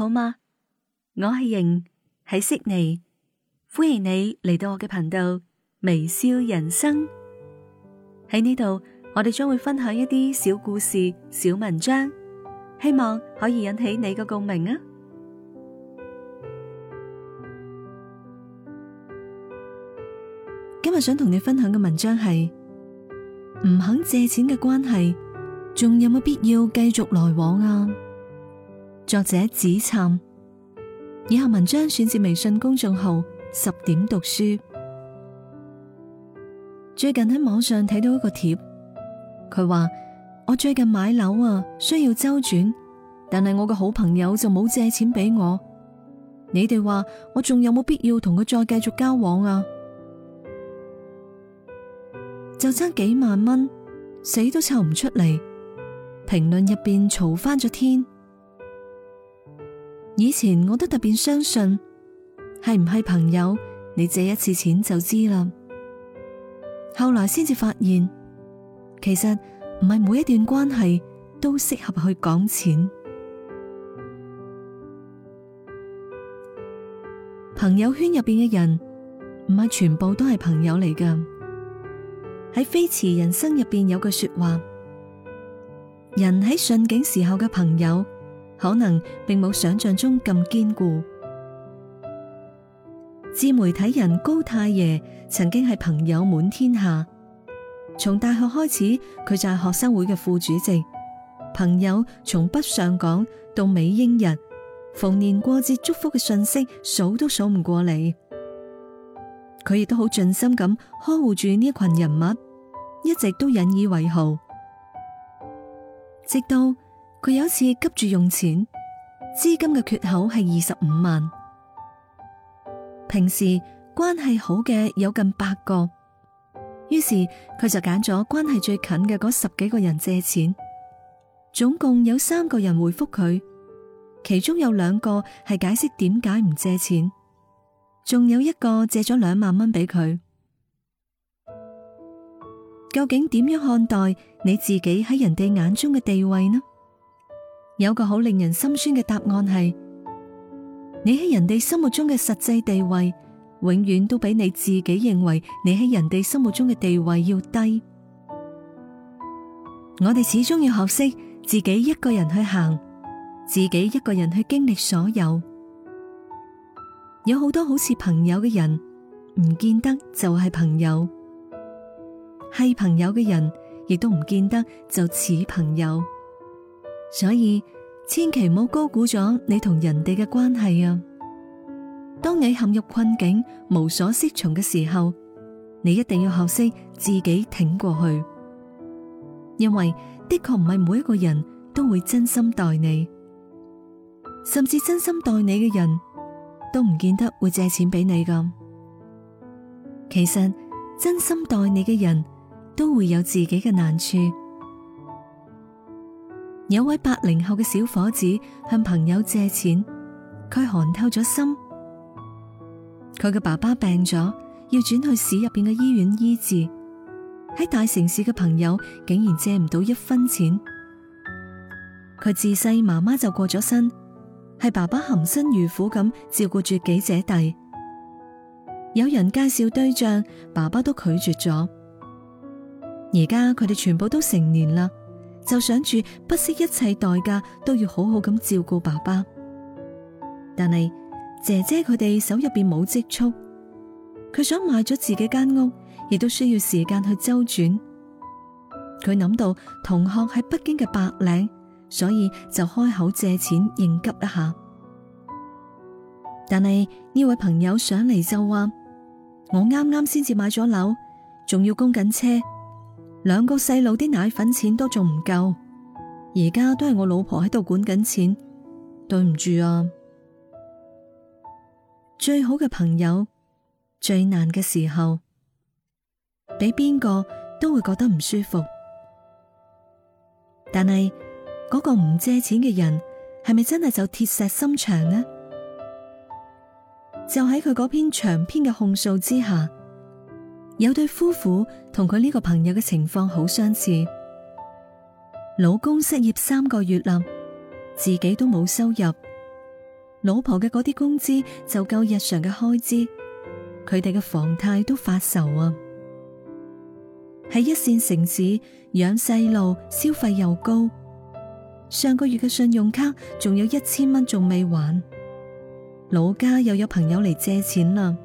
好嗎？我係瑩喺悉尼，ney, 歡迎你嚟到我嘅頻道微笑人生，喺呢度，我哋將會分享一啲小故事、小文章，希望可以引起你嘅共鳴啊！今日想同你分享嘅文章係唔肯借錢嘅關係，仲有冇必要繼續來往啊？作者子杉，以下文章選自微信公眾號十點讀書。最近喺網上睇到一個帖，佢話，我最近買樓啊，需要周轉，但係我嘅好朋友就冇借錢俾我。你哋話我仲有冇必要同佢再繼續交往啊？就差幾萬蚊，死都湊唔出嚟。評論入邊嘈翻咗天。以前我都特別相信，係唔係朋友？你借一次錢就知啦。後來先至發現，其實唔係每一段關係都適合去講錢。朋友圈入邊嘅人，唔係全部都係朋友嚟噶。喺飛馳人生入邊有句說話，人喺順境時候嘅朋友。可能並冇想象中咁堅固。自媒體人高太爺曾經係朋友滿天下，從大學開始佢就係學生會嘅副主席，朋友從北上港到美英日，逢年過節祝福嘅信息數都數唔過嚟。佢亦都好盡心咁呵護住呢群人物，一直都引以為豪，直到。佢有一次急住用錢，資金嘅缺口係二十五萬。平時關係好嘅有近百個，於是佢就揀咗關係最近嘅嗰十幾個人借錢。總共有三個人回覆佢，其中有兩個係解釋點解唔借錢，仲有一個借咗兩萬蚊俾佢。究竟點樣看待你自己喺人哋眼中嘅地位呢？有個好令人心酸嘅答案係，你喺人哋心目中嘅實際地位，永遠都比你自己認為你喺人哋心目中嘅地位要低。我哋始終要學識自己一個人去行，自己一個人去經歷所有。有好多好似朋友嘅人，唔見得就係朋友；係朋友嘅人，亦都唔見得就似朋友。所以，千祈唔好高估咗你同人哋嘅關係啊！當你陷入困境、無所適從嘅時候，你一定要學識自己挺過去，因為的確唔係每一個人都會真心待你，甚至真心待你嘅人都唔見得會借錢俾你噶。其實，真心待你嘅人都會有自己嘅難處。有位八零後嘅小伙子向朋友借錢，佢寒透咗心。佢嘅爸爸病咗，要轉去市入邊嘅醫院醫治。喺大城市嘅朋友竟然借唔到一分錢。佢自細媽媽就過咗身，係爸爸含辛茹苦咁照顧住幾姐弟。有人介紹對象，爸爸都拒絕咗。而家佢哋全部都成年啦。就想住不惜一切代價都要好好咁照顧爸爸，但係姐姐佢哋手入邊冇積蓄，佢想賣咗自己間屋，亦都需要時間去周轉。佢諗到同學喺北京嘅白領，所以就開口借錢應急一下。但係呢位朋友上嚟就話：我啱啱先至買咗樓，仲要供緊車。兩個細路啲奶粉錢都仲唔夠，而家都係我老婆喺度管緊錢，對唔住啊！最好嘅朋友，最難嘅時候，俾邊個都會覺得唔舒服。但係嗰個唔借錢嘅人，係咪真係就鐵石心腸呢？就喺佢嗰篇長篇嘅控訴之下。有對夫婦同佢呢個朋友嘅情況好相似，老公失業三個月啦，自己都冇收入，老婆嘅嗰啲工資就夠日常嘅開支，佢哋嘅房貸都發愁啊。喺一線城市養細路，消費又高，上個月嘅信用卡仲有一千蚊仲未還，老家又有朋友嚟借錢啦。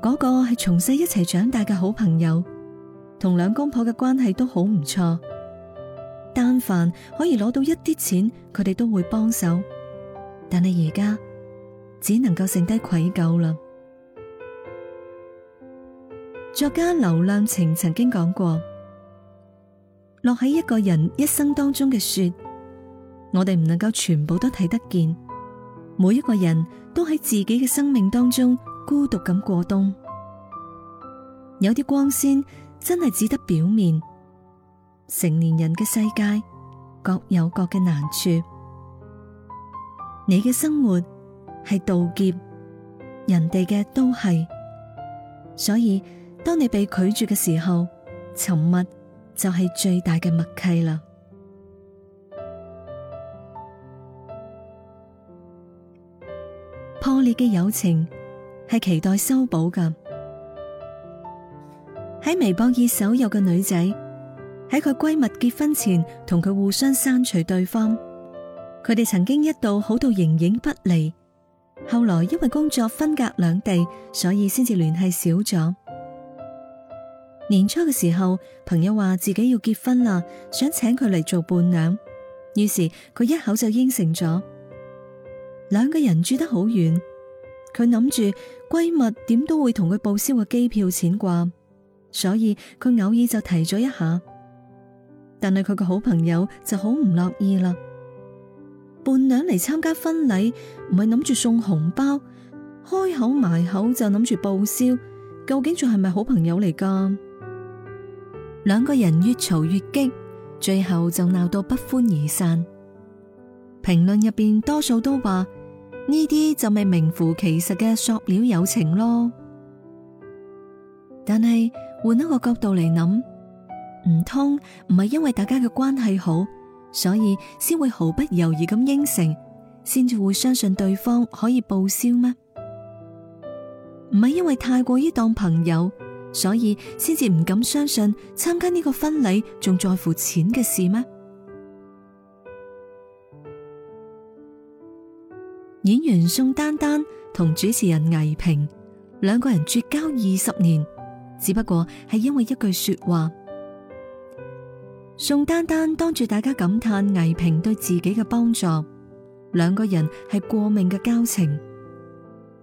嗰個係從細一齊長大嘅好朋友，同兩公婆嘅關係都好唔錯。但凡可以攞到一啲錢，佢哋都會幫手。但係而家只能夠剩低愧疚啦。作家劉亮程曾經講過：落喺一個人一生當中嘅雪，我哋唔能夠全部都睇得見。每一個人都喺自己嘅生命當中。孤獨咁過冬，有啲光鮮真係只得表面。成年人嘅世界各有各嘅難處，你嘅生活係渡劫，人哋嘅都係。所以當你被拒絕嘅時候，沉默就係最大嘅默契啦。破裂嘅友情。係期待修補噶。喺微博熱搜有個女仔，喺佢閨蜜結婚前同佢互相刪除對方。佢哋曾經一度好到形影不離，後來因為工作分隔兩地，所以先至聯繫少咗。年初嘅時候，朋友話自己要結婚啦，想請佢嚟做伴娘，於是佢一口就應承咗。兩個人住得好遠。佢諗住閨蜜點都會同佢報銷個機票錢啩，所以佢偶爾就提咗一下，但係佢個好朋友就好唔樂意啦。伴娘嚟參加婚禮唔係諗住送紅包，開口埋口就諗住報銷，究竟仲係咪好朋友嚟㗎？兩個人越嘈越激，最後就鬧到不歡而散。評論入邊多數都話。呢啲就咪名符其實嘅塑料友情咯。但係換一個角度嚟諗，唔通唔係因為大家嘅關係好，所以先會毫不猶豫咁應承，先至會相信對方可以報銷咩？唔係因為太過於當朋友，所以先至唔敢相信參加呢個婚禮仲在乎錢嘅事咩？演員宋丹丹同主持人倪萍兩個人絕交二十年，只不過係因為一句說話。宋丹丹當住大家感嘆倪萍對自己嘅幫助，兩個人係過命嘅交情，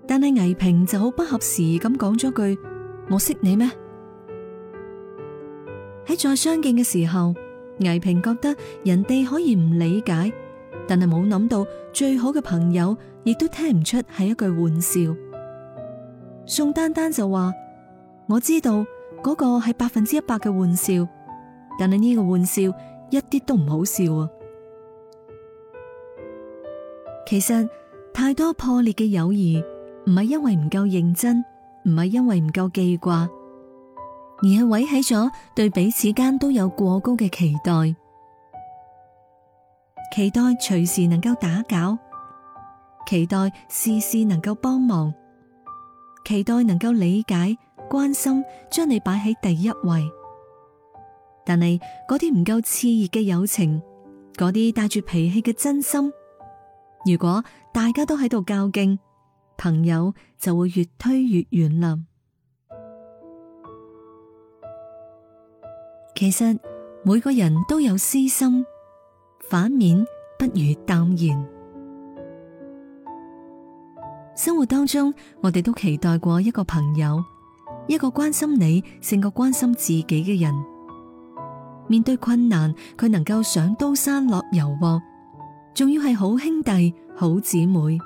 但係倪萍就好不合時宜咁講咗句：我識你咩？喺再相見嘅時候，倪萍覺得人哋可以唔理解。但係冇諗到最好嘅朋友亦都聽唔出係一句玩笑。宋丹丹就話：我知道嗰個係百分之一百嘅玩笑，但係呢個玩笑一啲都唔好笑啊！其實太多破裂嘅友誼唔係因為唔夠認真，唔係因為唔夠記掛，而係毀喺咗對彼此間都有過高嘅期待。期待隨時能夠打攪，期待事事能夠幫忙，期待能夠理解、關心，將你擺喺第一位。但係嗰啲唔夠熾熱嘅友情，嗰啲帶住脾氣嘅真心，如果大家都喺度較勁，朋友就會越推越遠啦。其實每個人都有私心。反面不如淡然。生活當中，我哋都期待過一個朋友，一個關心你勝過關心自己嘅人。面對困難，佢能夠上刀山落油鑊，仲要係好兄弟好姊妹。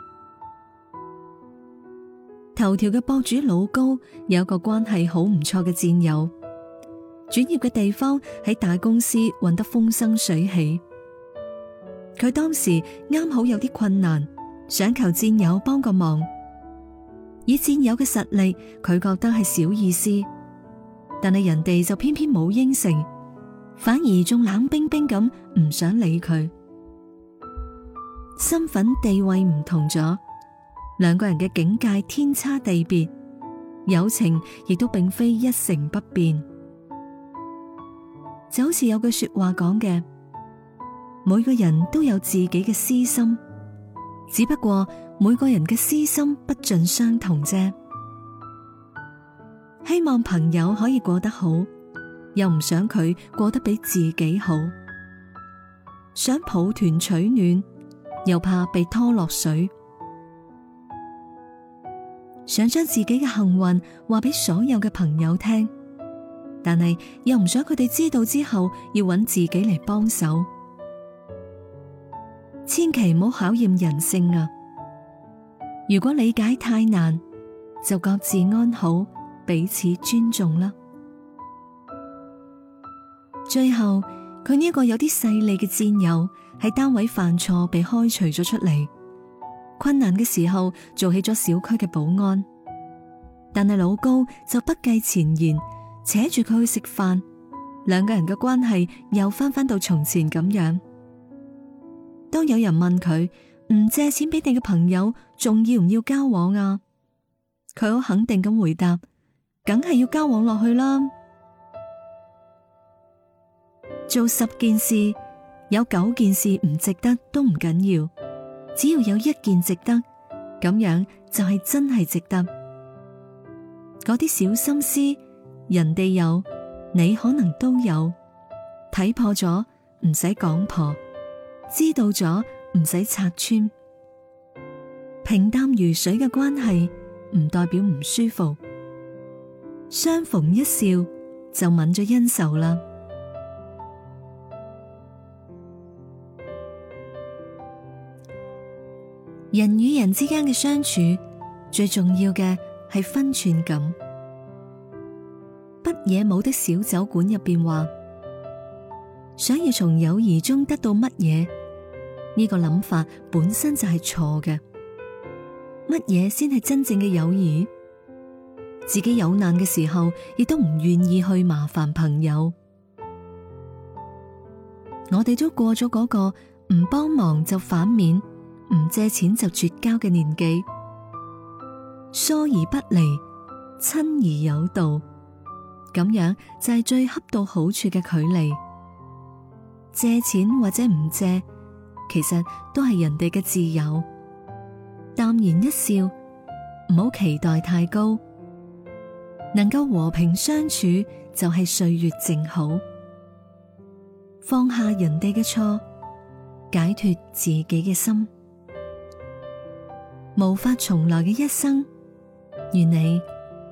頭條嘅博主老高有個關係好唔錯嘅戰友，轉業嘅地方喺大公司混得風生水起。佢當時啱好有啲困難，想求戰友幫個忙，以戰友嘅實力，佢覺得係小意思，但係人哋就偏偏冇應承，反而仲冷冰冰咁唔想理佢。身份地位唔同咗，兩個人嘅境界天差地別，友情亦都並非一成不變，就好似有句說話講嘅。每個人都有自己嘅私心，只不過每個人嘅私心不盡相同啫。希望朋友可以過得好，又唔想佢過得比自己好，想抱團取暖，又怕被拖落水，想將自己嘅幸運話俾所有嘅朋友聽，但係又唔想佢哋知道之後要揾自己嚟幫手。千祈唔好考驗人性啊！如果理解太難，就各自安好，彼此尊重啦。最後，佢呢一個有啲勢利嘅戰友喺單位犯錯被開除咗出嚟，困難嘅時候做起咗小區嘅保安。但係老高就不計前嫌，扯住佢去食飯，兩個人嘅關係又翻返到從前咁樣。當有人問佢唔借錢俾你嘅朋友，仲要唔要交往啊？佢好肯定咁回答：梗係要交往落去啦。做十件事，有九件事唔值得都唔緊要，只要有一件值得，咁樣就係真係值得。嗰啲小心思，人哋有，你可能都有，睇破咗，唔使講破。知道咗唔使拆穿，平淡如水嘅關係唔代表唔舒服，相逢一笑就泯咗恩仇啦。人與人之間嘅相處，最重要嘅係分寸感。不野冇的小酒館入邊話，想要從友誼中得到乜嘢？呢個諗法本身就係錯嘅。乜嘢先係真正嘅友誼？自己有難嘅時候，亦都唔願意去麻煩朋友。我哋都過咗嗰個唔幫忙就反面，唔借錢就絕交嘅年紀。疏而不離，親而有道，咁樣就係最恰到好處嘅距離。借錢或者唔借。其實都係人哋嘅自由，淡然一笑，唔好期待太高，能夠和平相處就係歲月靜好，放下人哋嘅錯，解脫自己嘅心，無法重來嘅一生，願你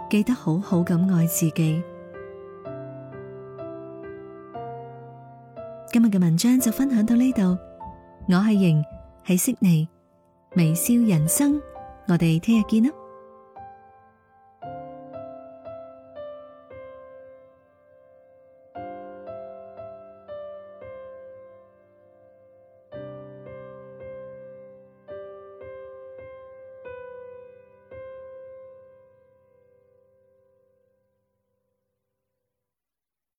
記得好好咁愛自己。今日嘅文章就分享到呢度。我係瑩，喺悉尼微笑人生，我哋聽日見啦。